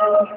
Allah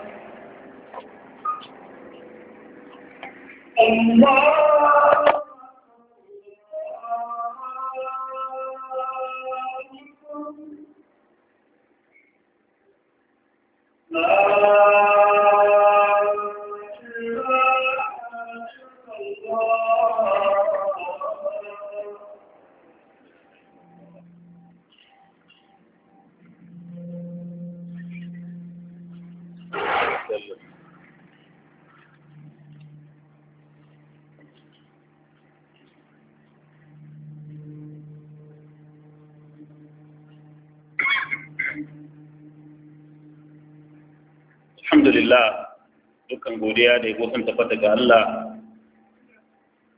godiya da yabo kan tabbata ga Allah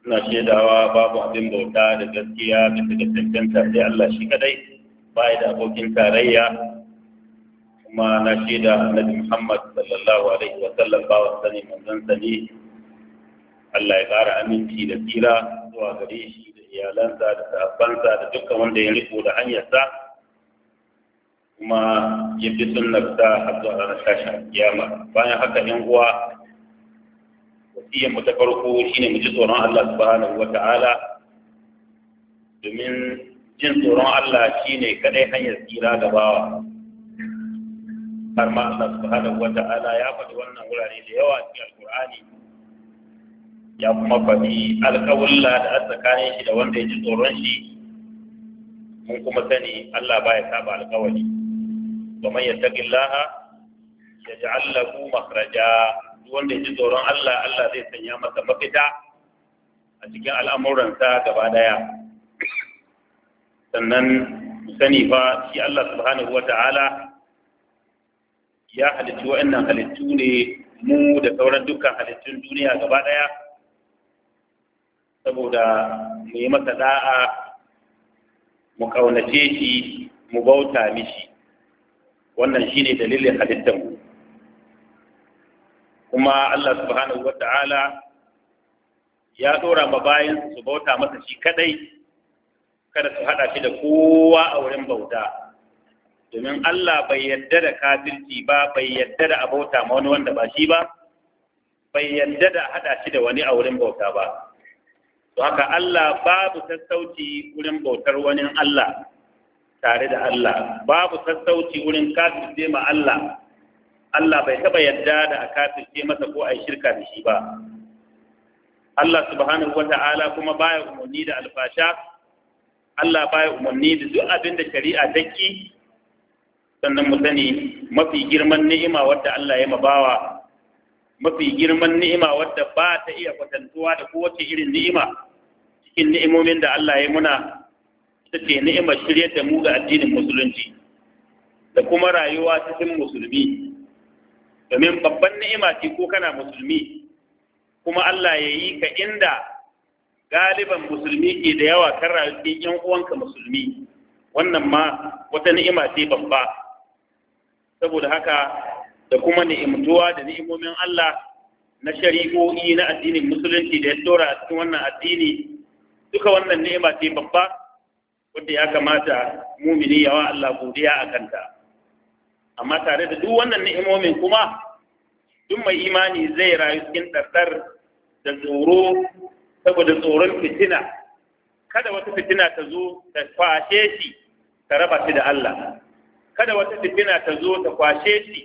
ina shaidawa babu abin bauta da gaskiya da daga cancanta sai Allah shi kadai baya da abokin tarayya kuma na shaida annabi Muhammad sallallahu alaihi wa sallam ba wa sani manzon sani Allah ya ƙara aminci da tsira zuwa gare shi da iyalansa da sahabbansa da dukkan wanda ya riko da hanyarsa kuma ya bi sunnarsa har zuwa ranar tashin bayan haka yan uwa wasiyar mu ta farko shine mu ji tsoron Allah subhanahu wa ta'ala domin jin tsoron Allah shine kadai hanyar tsira da bawa har ma Allah subhanahu wa ya faɗi wannan wurare da yawa cikin alkur'ani ya kuma faɗi alƙawulla da a tsakanin shi da wanda ya ji tsoron shi mun kuma sani Allah baya saba alƙawari wa man yaji Allah ku makaraja wanda ya ji tsoron Allah Allah zai sanya masa mafita a cikin al'amuransa gaba daya sannan sani fa shi Allah subhanahu wa ta'ala ya halittu wa'annan halittu ne mu da sauran dukkan halittun duniya gaba daya saboda mu yi masa da'a mu ƙaunace shi mu bauta mishi wannan shine dalilin halittar mu kuma Allah subhanahu ta'ala ya dora ma bayan su bauta masa shi kadai kada su haɗa shi da kowa a wurin bauta domin Allah bai yadda da kafirci ba bai yadda da abauta ma wani wanda ba shi ba bai yadda da hada shi da wani a wurin bauta ba to haka Allah babu sassauci wurin bautar wani Allah tare da Allah babu sassauci wurin kafirce ma Allah Allah bai taɓa yadda da a kafirce masa ko a yi shirka da shi ba Allah subhanahu Ta'ala kuma baya umarni da alfasha Allah baya umarni da duk abin da shari'a ta ki sannan mu sani mafi girman ni'ima wadda Allah ya mabawa mafi girman ni'ima wadda ba ta iya kwatantuwa da kowace irin ni'ima cikin ni'imomin da Allah ya muna ita ce ni'imar shirya da mu ga addinin musulunci da kuma rayuwa cikin musulmi domin babban ni'ima ce ko kana musulmi kuma Allah ya yi ka inda galiban musulmi ke da yawa kan rayu yan uwanka musulmi wannan ma wata ni'ima ce babba saboda haka da kuma ni'imtuwa da ni'imomin Allah na shari'o'i na addinin musulunci da ya dora a cikin wannan addini duka wannan ni'ima ce babba wanda ya kamata mumini yawa Allah godiya a kanta amma tare da duk wannan ni'imomin kuma duk mai imani zai rayu cikin ɗarɗar da tsoro saboda tsoron fitina kada wata fitina ta zo ta kwashe shi ta raba shi da Allah kada wata fitina ta zo ta kwashe shi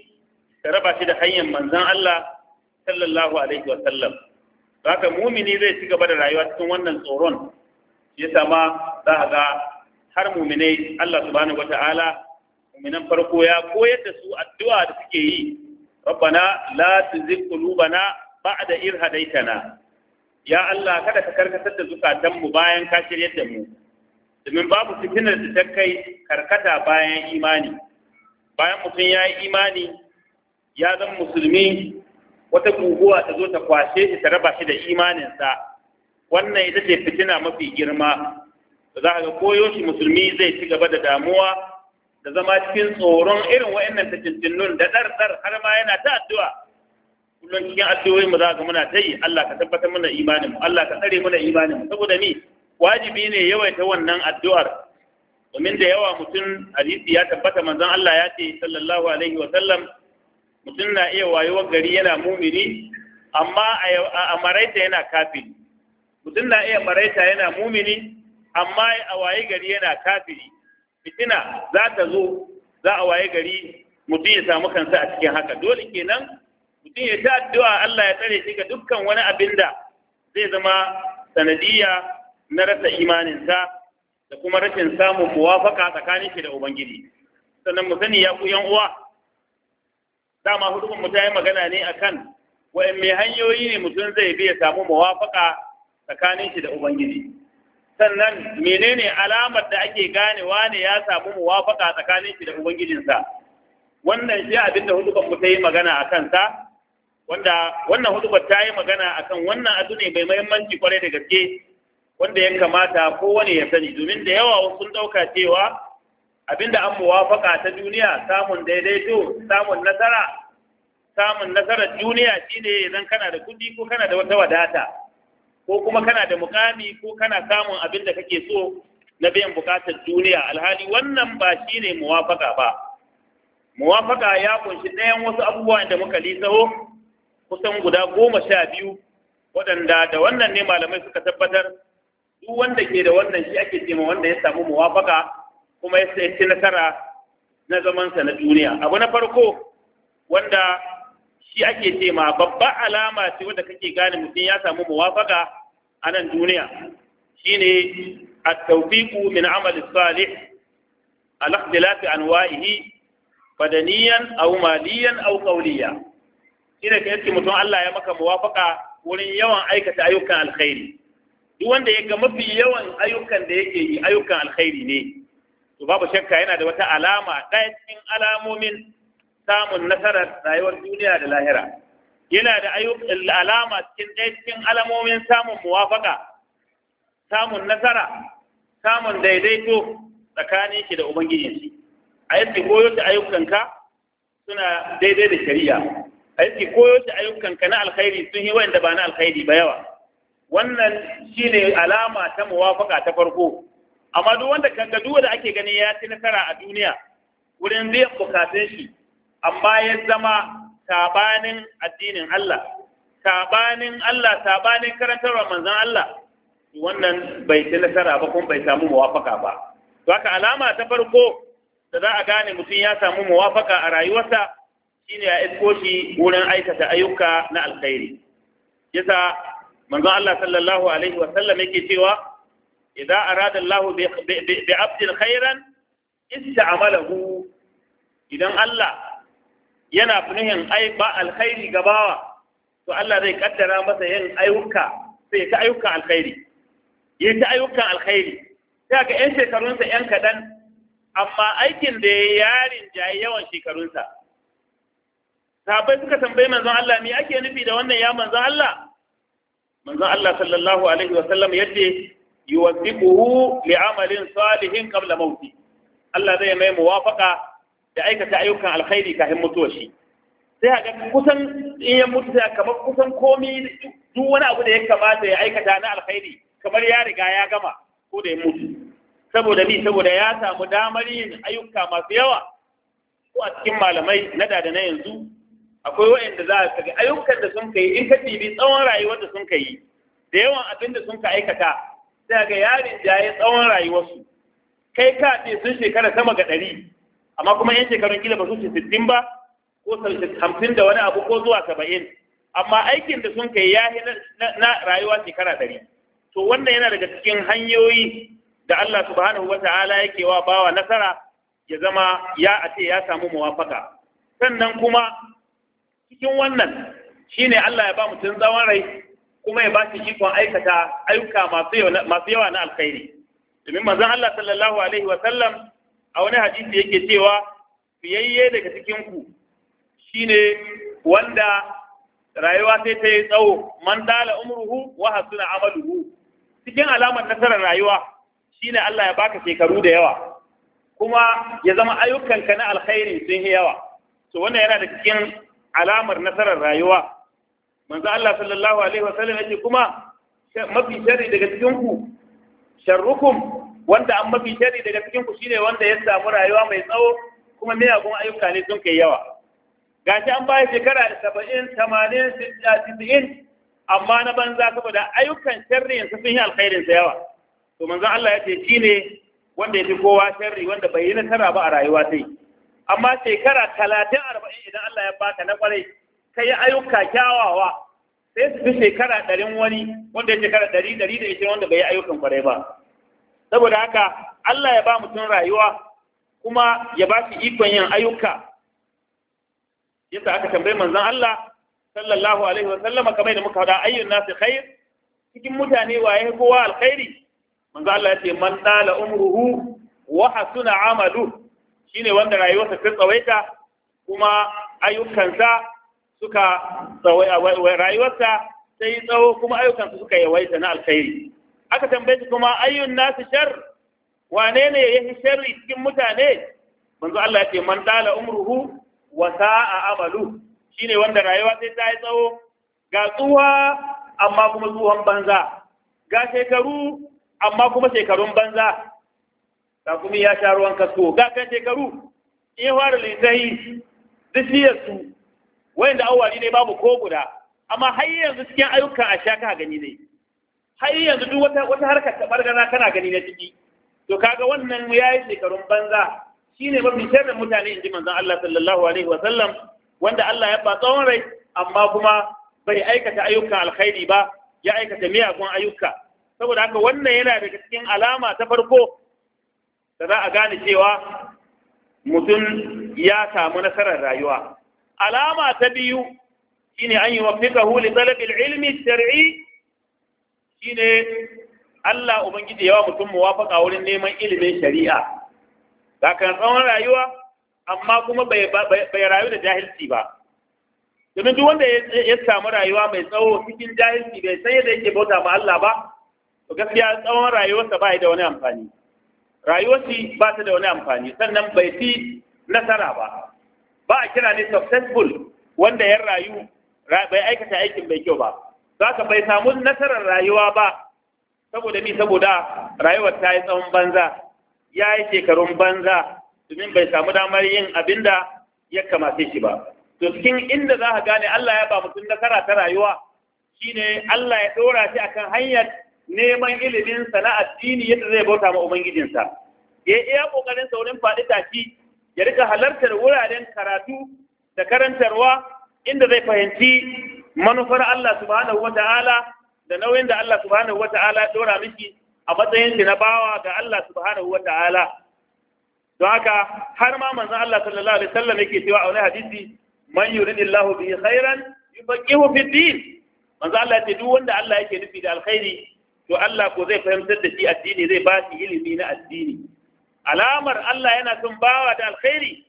ta raba shi da hanyar manzon Allah sallallahu alaihi wa sallam haka mumini zai ci gaba da rayuwa cikin wannan tsoron ya sama za ga har muminai Allah subhanahu Ta'ala? mu'minan farko ya koyar da su addu'a da suke yi rabbana la ba da da ir hadaitana, ya Allah kada ka karkatar da zukatan mu bayan ka shiryar da mu domin babu fitinar da ta kai karkata bayan imani bayan mutum ya yi imani ya zama musulmi wata guguwa ta zo ta kwashe shi ta raba shi da imaninsa wannan ita ce fitina mafi girma da za ga koyo shi musulmi zai ci gaba da damuwa da zama cikin tsoron irin wa'annan tajinnun da ɗarɗar har ma yana ta addu'a kullum cikin addu'o'i mu za ka muna ta yi Allah ka tabbatar mana imanin mu Allah ka tsare mana imanin mu saboda ni wajibi ne yawaita wannan addu'ar domin da yawa mutum hadisi ya tabbata manzon Allah ya ce sallallahu alaihi wa sallam mutum na iya wayewar gari yana mumini amma a maraita yana kafiri mutum na iya maraita yana mumini amma a waye gari yana kafiri fitina za ta zo za a waye gari mutum ya samu kansa a cikin haka dole kenan mutum ya ta addu'a Allah ya tsare shi ga dukkan wani abin da zai zama sanadiyya na rasa imaninsa da kuma rashin samun muwafaka tsakanin shi da ubangiji sannan mu sani ya ku yan uwa dama hudu mu ta yi magana ne akan wa'in mai hanyoyi ne mutum zai bi ya samu muwafaka tsakanin shi da ubangiji sannan menene alamar da ake gane ne ya samu muwafaka tsakanin shi da ubangijinsa wannan shi abin da hudubar ku ta yi magana a kansa wanda wannan hudubar ta yi magana a kan wannan abu ne mai mahimmanci kwarai da gaske wanda ya kamata kowane ya sani domin da yawa sun ɗauka cewa da an muwafaka ta duniya samun daidaito samun nasara samun nasarar duniya shine idan kana da kuɗi ko kana da wata wadata ko kuma kana da mukami ko kana samun abin da kake so na biyan bukatar duniya alhali wannan ba shi ne muwafaka ba muwafaka ya kunshi ɗayan wasu abubuwa da muka lisaho kusan guda goma sha biyu waɗanda da wannan ne malamai suka tabbatar duk wanda ke da wannan shi ake cema wanda ya samu muwafaka kuma ya ci nasara na zamansa na duniya abu na farko wanda shi ake cema babba alama ce wanda kake gane mutum ya samu muwafaka a nan duniya shine a tawfiqu min amal salih ala ikhtilafi anwa'ihi badaniyan aumaliyan maliyan aw qawliya ka yanki mutum Allah ya maka muwafaka wurin yawan aikata ayyukan alkhairi duk wanda ya ga mafi yawan ayyukan da yake yi ayyukan alkhairi ne to babu shakka yana da wata alama ɗaya cikin alamomin samun nasarar rayuwar duniya da lahira yana da alama cikin ɗaya cikin alamomin samun muwafaka samun nasara samun daidaito tsakanin shi da ubangiji shi a yake koyo da ayyukanka suna daidai da shari'a a yake koyo da ayyukanka na alkhairi sun yi wanda ba na alkhairi ba yawa wannan shine alama ta muwafaka ta farko amma duk wanda kanga duk wanda ake gani ya ci nasara a duniya wurin biyan bukatun shi amma ya zama sabanin addinin Allah sabanin Allah sabanin karantarwa manzan Allah wannan bai ci nasara ba kuma bai samu mawafaka ba to haka alama ta farko da za a gane mutum ya samu muwafaka a rayuwarsa shine a isko shi wurin aikata ayyuka na alkhairi yasa manzon Allah sallallahu alaihi wa sallam yake cewa idza arada Allah bi abdin khairan ista'malahu idan Allah yana nuhin ai ba alkhairi gabawa, to Allah zai kaddara masa yin ayyuka sai ta ayyuka alkhairi yi ta ayyukan alkhairi sai ga yan shekarunsa yan kaɗan amma aikin da ya yarin jayi yawan shekarunsa sahabbai suka tambayi manzon Allah me ake nufi da wannan ya manzon Allah manzon Allah sallallahu alaihi wa sallam yace yuwaffiquhu li'amalin salihin qabla mauti Allah zai mai muwafaqa da aikata ayyukan alkhairi kafin mutuwa shi sai ga kusan in ya mutu sai kamar kusan komi duk wani abu da ya kamata ya aikata na alkhairi kamar ya riga ya gama ko da ya mutu saboda ni saboda ya samu damar yin ayyuka masu yawa ko a cikin malamai na da da na yanzu akwai waɗanda za ka ga ayyukan da sun kai in ka tibi tsawon rayuwar da sun kai da yawan abin da sun ka aikata sai ga yarin ya tsawon rayuwarsu kai ka ce sun shekara sama ga ɗari amma kuma yan shekarun kila ba su ce sittin ba ko hamsin da wani abu ko zuwa saba'in amma aikin da sun kai ya na rayuwa shekara ɗari to wannan yana daga cikin hanyoyi da Allah subhanahu wa ta'ala yake wa bawa nasara ya zama ya a ce ya samu muwafaka sannan kuma cikin wannan shine Allah ya ba mutum tsawon rai kuma ya ba shi ikon aikata ayyuka masu yawa na alkhairi domin manzon Allah sallallahu alaihi wa sallam a wani hadisi yake cewa fiyayye daga cikin shine wanda rayuwa sai ta yi tsawo man dala umruhu wa hasuna amaluhu cikin alamar nasarar rayuwa shine Allah ya baka shekaru da yawa kuma ya zama ayyukanka na alkhairi sun yi yawa to wannan yana da cikin alamar nasarar rayuwa manzo Allah sallallahu alaihi wasallam yace kuma mafi sharri daga cikin ku sharrukum wanda an mafi shari daga cikin ku shine wanda ya samu rayuwa mai tsawo kuma miyagun ayyuka ne sun kai yawa Ga shi an baya shekara saba'in tamanin sittin amma na banza saboda ayyukan sharri yanzu sun yi alkhairin sa yawa to manzo Allah ya ce ne wanda ya fi kowa sharri wanda bai yi nasara ba a rayuwa sai amma shekara talatin arba'in idan Allah ya baka na kwarai ka yi ayyuka kyawawa sai su fi shekara ɗarin wani wanda ya shekara ɗari ɗari da ishirin wanda bai yi ayyukan kwarai ba saboda haka Allah ya ba mutum rayuwa kuma ya ba shi ikon yin ayyuka yasa aka tambayi manzon Allah sallallahu alaihi wa sallama kamar da muka faɗa ayyun nasu khair cikin mutane waye kowa alkhairi manzo Allah ce man dala umruhu wa hasuna amalu shine wanda rayuwarsa ta tsawaita kuma ayyukansa suka tsawaita rayuwarsa sai tsawo kuma ayyukansa suka yawaita na alkhairi aka tambaye shi kuma ayyun nasu shar wane ne ya yi sharri cikin mutane manzo Allah ya ce man dala umruhu wa sa'a amalu shine wanda rayuwa sai ta yi tsawo ga tsuwa amma kuma tsuwan banza ga shekaru amma kuma shekarun banza ga kuma ya sha ruwan kasko ga kan shekaru in fara litai duk su wayanda awali ne babu ko guda amma har yanzu cikin ayyukan a sha ka gani ne har yanzu duk wata wata harkar ta bargaza kana gani na ciki to kaga wannan ya yi shekarun banza shine mafi sharrin mutane inji manzon Allah sallallahu alaihi wanda Allah ya ba tsawon rai amma kuma bai aikata ayyukan alkhairi ba ya aikata miyagun ayyuka saboda haka wannan yana daga cikin alama ta farko da za a gane cewa mutum ya samu nasarar rayuwa alama ta biyu shine an yi wafiqahu li talabil ilmi shar'i shine Allah ubangiji yawa mutum muwafaka wurin neman ilimin shari'a ga kan tsawon rayuwa amma kuma bai rayu da jahilci ba domin duk wanda ya samu rayuwa mai tsawo cikin jahilci bai san yadda yake bauta ma Allah ba to gaskiya tsawon rayuwarsa ba da wani amfani rayuwarsa ba ta da wani amfani sannan bai fi nasara ba ba a kira ne successful wanda ya rayu bai aikata aikin bai kyau ba za ka bai samu nasarar rayuwa ba saboda mi saboda rayuwar ta yi tsawon banza ya yi shekarun banza domin bai samu damar yin abin da ya kamata shi ba to cikin inda za ka gane Allah ya ba mutum nasara ta rayuwa shine Allah ya ɗora shi akan hanyar neman ilimin sana addini yadda zai bauta ma ubangijinsa ya iya kokarin saurin faɗi tashi ya rika halartar wuraren karatu da karantarwa inda zai fahimci manufar Allah subhanahu wata'ala da nauyin da Allah subhanahu wata'ala dora miki a matsayin shi na bawa ga Allah subhanahu wata'ala don haka har ma manzon Allah sallallahu alaihi wasallam yake cewa a wani hadisi man yuridillahu bihi khairan yufaqihu fi din manzon Allah ya duk wanda Allah yake nufi da alkhairi to Allah ko zai fahimtar da shi addini zai ba shi ilimi na addini alamar Allah yana son bawa da alkhairi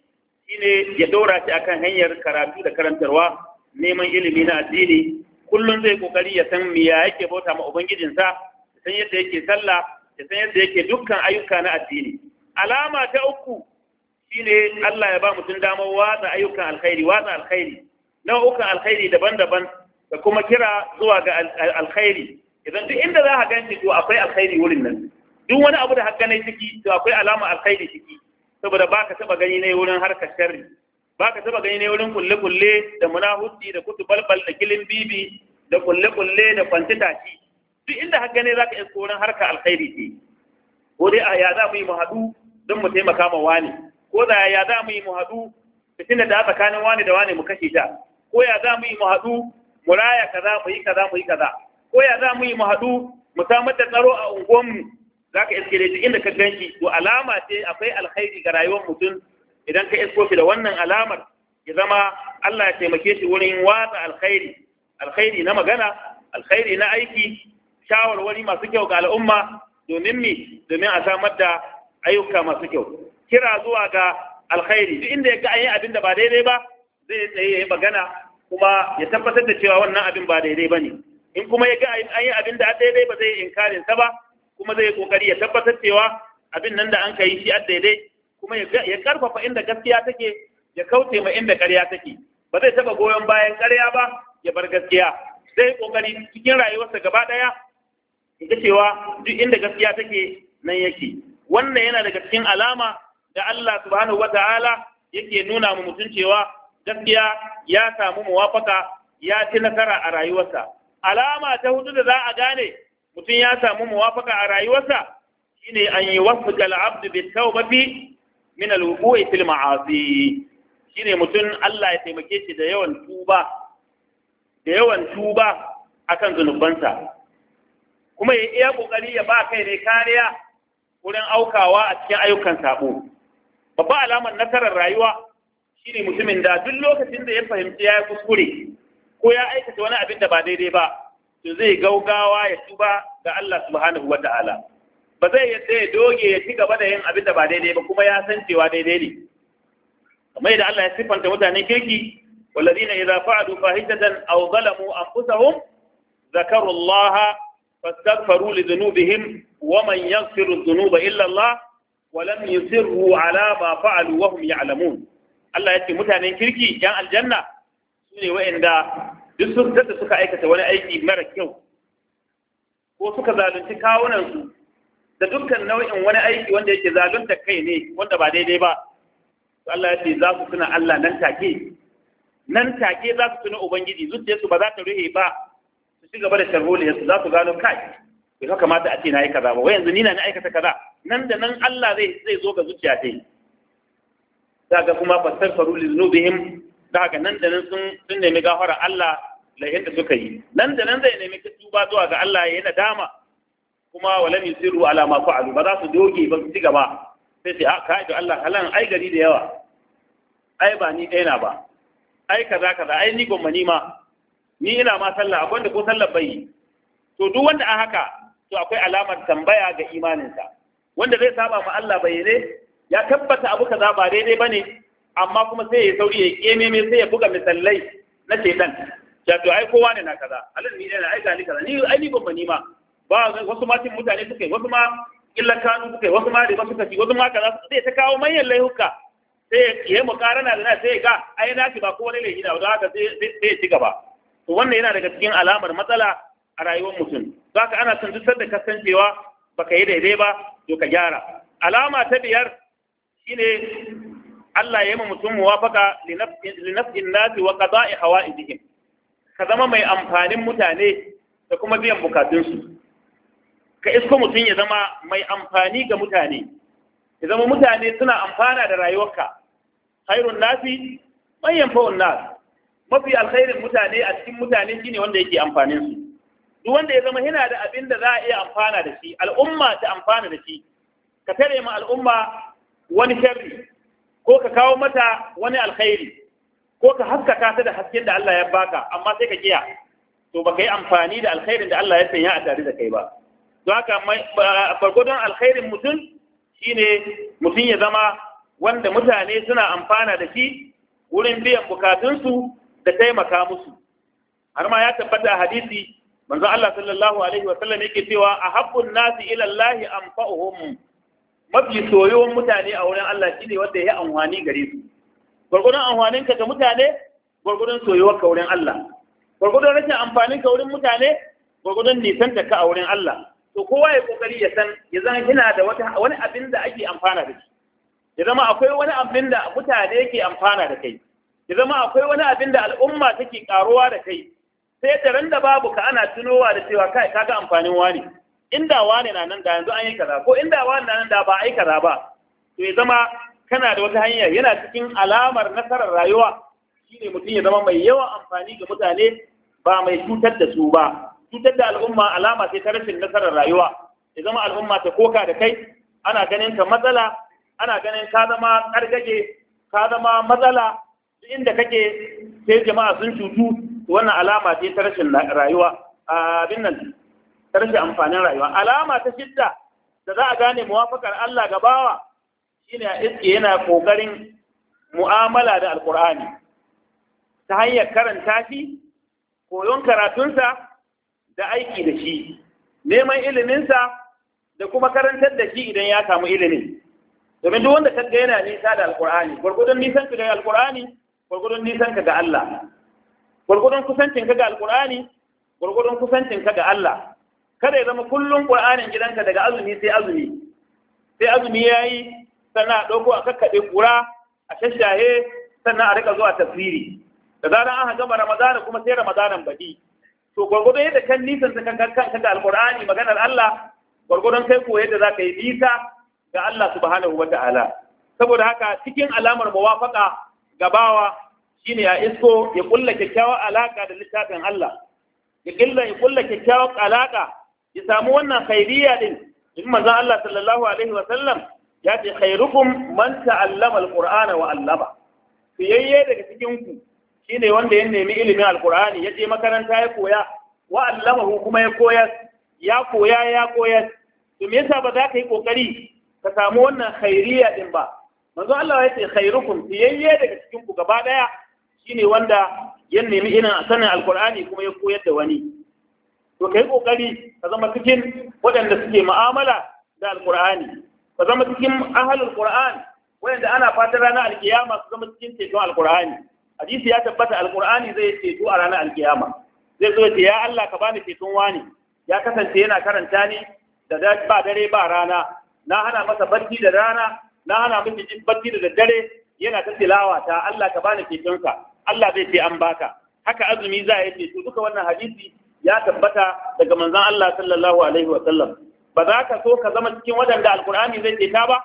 shine ya dora shi akan hanyar karatu da karantarwa neman ilimi na addini kullum zai kokari ya san miya yake bauta ma ubangijinsa ya san yadda yake sallah ya san yadda yake dukkan ayyuka na addini alama ta uku shine Allah ya ba mutum damar watsa ayyukan alkhairi watsa alkhairi nau'ukan alkhairi daban-daban da kuma kira zuwa ga alkhairi idan duk inda za ka ganci to akwai alkhairi wurin nan duk wani abu da haka ciki to akwai alama alkhairi ciki saboda ba ka taɓa gani ne wurin harkar sharri ba ka taba gani ne wurin kulle-kulle da munahusti da kutu balbal da kilin bibi da kulle-kulle da kwanci tashi duk inda har gane za ka isko wurin harka alkhairi ce ko dai a ya za mu yi mu haɗu don mu taimaka ma wani ko da ya za mu yi mu haɗu fitina da tsakanin wani da wani mu kashe ta ko ya za mu yi mu haɗu mu raya kaza mu yi kaza mu yi kaza ko ya za mu yi mu haɗu mu samar da tsaro a unguwanmu za ka iske da duk inda ka ganki to alama ce akwai alkhairi ga rayuwar mutum idan ka isko shi da wannan alamar ya zama Allah ya taimake shi wurin watsa alkhairi alkhairi na magana alkhairi na aiki shawarwari masu kyau ga al'umma domin mi domin a samar da ayyuka masu kyau kira zuwa ga alkhairi duk inda ya ga an yi abin da ba daidai ba zai tsaye ya magana kuma ya tabbatar da cewa wannan abin ba daidai ba in kuma ya ga an yi abin da daidai ba zai inkarin sa ba kuma zai kokari ya tabbatar cewa abin nan da an ka yi shi a daidai kuma ya karfafa inda gaskiya take ya kauce ma inda ƙarya take ba zai taba goyon bayan ƙarya ba ya bar gaskiya zai kokari cikin rayuwarsa gaba ɗaya ga cewa duk inda gaskiya take nan yake wannan yana daga cikin alama da Allah subhanahu wataala yake nuna mu mutum cewa gaskiya ya samu muwafaka ya ci nasara a rayuwarsa alama ta hudu da za a gane mutum ya samu muwafaka a rayuwarsa shine an yi wasu kal'abdu bi tawbati min al-wuqu'i fil ma'asi shine mutum Allah ya taimake shi da yawan tuba da yawan tuba akan zunubansa kuma ya iya kokari ya ba kai ne kariya wurin aukawa a cikin ayyukan sabo babba alamar nasarar rayuwa shine mutumin da duk lokacin da ya fahimci ya yi kuskure ko ya aikata wani abin da ba daidai ba to zai gaugawa ya tuba ga Allah subhanahu wa ta'ala ba zai yadda ya doge ya ci gaba da yin abin da ba daidai ba kuma ya san cewa daidai ne kamar yadda Allah ya siffanta mutanen kirki والذين إذا فعلوا فاحشة أو ظلموا أنفسهم ذكروا الله فاستغفروا لذنوبهم ومن يغفر الذنوب إلا الله ولم يصروا على ما فعلوا وهم يعلمون Allah ya ce mutanen kirki ‘yan aljanna su ne wa'inda duk sun da suka aikata wani aiki mara kyau ko suka zalunci kawunansu da dukkan nau'in wani aiki wanda yake zalunta kai ne wanda ba daidai ba Allah ya ce za su tuna Allah nan take nan take za su tuna ubangiji su ba za ta ruhe ba su ci gaba da su za su gano kai bai ka kamata a ce na yi kaza ba wai yanzu ni na aikata kaza nan da nan Allah zai zai zo ga zuciya ta yi ga kuma fasar faru li zunubihim daga nan da nan sun sun nemi gafara Allah lahin da suka yi nan da nan zai nemi tuba zuwa ga Allah ya nadama dama kuma walam yusiru ala ma fa'alu ba za su doge ba su ci gaba sai sai ah, ka kai Allah halan ai gari da yawa ai ba ni ɗaya na ba ai kaza kaza ai ni gomma ni ma ni ina ma sallah akwai wanda ko sallah bai to duk wanda a haka to akwai alamar tambaya ga imaninsa wanda zai saba ma Allah bayyane ya tabbata abu kaza ba daidai bane amma kuma sai ya sauri ya keme me sai ya buga misallai na shaitan Ya to ai kowa ne na kaza alin ni ne na aika ni kaza ni ai ni gomma ni ma ba wasu ma cin mutane suka yi wasu ma illa kanu suka yi wasu ma riba suka ci wasu ma kaza Sai ta kawo manyan laihuka sai ya yi mukarana da na sai ga ai na ba ko wani laifi da haka sai ya ci gaba to wannan yana daga cikin alamar matsala a rayuwar mutum za ka ana son dusar da kasancewa ka yi daidai ba to ka gyara alama ta biyar shine Allah ya yi mutum muwafaka li nafsin nasi wa qada'i hawa'idihim ka zama mai amfanin mutane da kuma biyan bukatunsu ka isko mutum ya zama mai amfani ga mutane ya zama mutane suna amfana da rayuwarka khairun nasi man yanfa'un nas mafi alkhairin mutane a cikin mutane shine wanda yake amfanin su duk wanda ya zama yana da abin da za a iya amfana da shi al'umma ta amfana da shi ka tare ma al'umma wani sharri ko ka kawo mata wani alkhairi ko ka haskaka ta da hasken da Allah ya baka amma sai ka kiya to baka yi amfani da alkhairin da Allah ya sanya a tare da kai ba don haka farkodon alkhairin mutum shine mutum ya zama wanda mutane suna amfana da shi wurin biyan bukatunsu da taimaka musu har ma ya tabbata hadisi manzo Allah sallallahu alaihi wa sallam yake cewa ahabbun nasi ila Allah anfa'uhum mafi soyuwan mutane a wurin Allah shine wanda ya amfani gare su gurgurun amfanin ka ga mutane gurgurun soyuwar ka wurin Allah gurgurun rashin amfanin ka wurin mutane gurgurun nisan ka a wurin Allah to kowa ya kokari ya san ya zan yana da wata wani abin da ake amfana da shi ya zama akwai wani abin da mutane ke amfana da kai ya zama akwai wani abin da al'umma take karuwa da kai sai da da babu ka ana tunowa da cewa kai kaga amfanin wani inda wani na nan da yanzu an yi kaza ko inda wani na nan da ba a yi kaza ba to ya zama kana da wata hanya yana cikin alamar nasarar rayuwa shine mutum ya zama mai yawan amfani ga mutane ba mai cutar da su ba cutar da al'umma alama sai ta rashin nasarar rayuwa ya zama al'umma ta koka da kai ana ganin ka matsala ana ganin ka zama ƙargage ka zama matsala inda kake sai jama'a sun cutu wannan alama ce ta rashin rayuwa abin nan ta rashin amfanin rayuwa alama ta shidda da za a gane muwafakar Allah ga bawa shine a yana kokarin mu'amala da alkur'ani ta hanyar karanta shi koyon karatunsa da aiki da shi neman iliminsa da kuma karantar da shi idan ya samu ilimi. domin duk wanda kaga yana nisa da alkur'ani gwargwadon nisan ka ga alkur'ani gwargwadon nisan ka ga Allah gwargwadon kusancin ka ga alkur'ani gwargwadon kusancin ka ga Allah kada ya zama kullum qur'anin gidanka daga azumi sai azumi sai azumi yayi sannan a ɗauko a kakkaɓe kura, a shashahe sannan a rika zuwa tafsiri da zaran an gama ramadana kuma sai ramadanan baɗi to gwargwado yadda kan nisan ta kanka da alqur'ani maganar Allah gwargwadon kai ko yadda zaka yi nisa ga Allah subhanahu Ta'ala. saboda haka cikin alamar ga gabawa shine ya isko ya kulla kyakkyawar alaka da littafin Allah ya killa ya kulla kyakkyawar alaka ya samu wannan khairiyya din in manzon Allah sallallahu alaihi wa sallam ya ce khairukum man ta'allama alqur'ana wa allama fiyayye daga cikin ku Shi ne wanda ya nemi ilimin alkur'ani ya je makaranta ya koya wa allamahu kuma ya koyar ya koya ya koyar to me yasa ba za ka yi kokari ka samu wannan khairiyya din ba manzo Allah ya ce khairukum fiyayye daga cikin ku gaba daya shine wanda ya nemi ilimin sanin alkur'ani kuma ya koyar da wani to kai kokari ka zama cikin waɗanda suke mu'amala da alkur'ani ka zama cikin ahlul qur'an waɗanda ana fatan ranar alkiyama su zama cikin ceton alkur'ani hadisi ya tabbata alqur'ani zai ceto a ranar alkiyama zai zo ce ya Allah ka bani ceton wani ya kasance yana karanta ni da ba dare ba rana na hana masa barci da rana na hana miki barci da daddare yana ta tilawa ta Allah ka bani ceton ka Allah zai ce an baka haka azumi za ya ce duka wannan hadisi ya tabbata daga manzon Allah sallallahu alaihi wa sallam ba za ka so ka zama cikin wadanda alqur'ani zai ce ta ba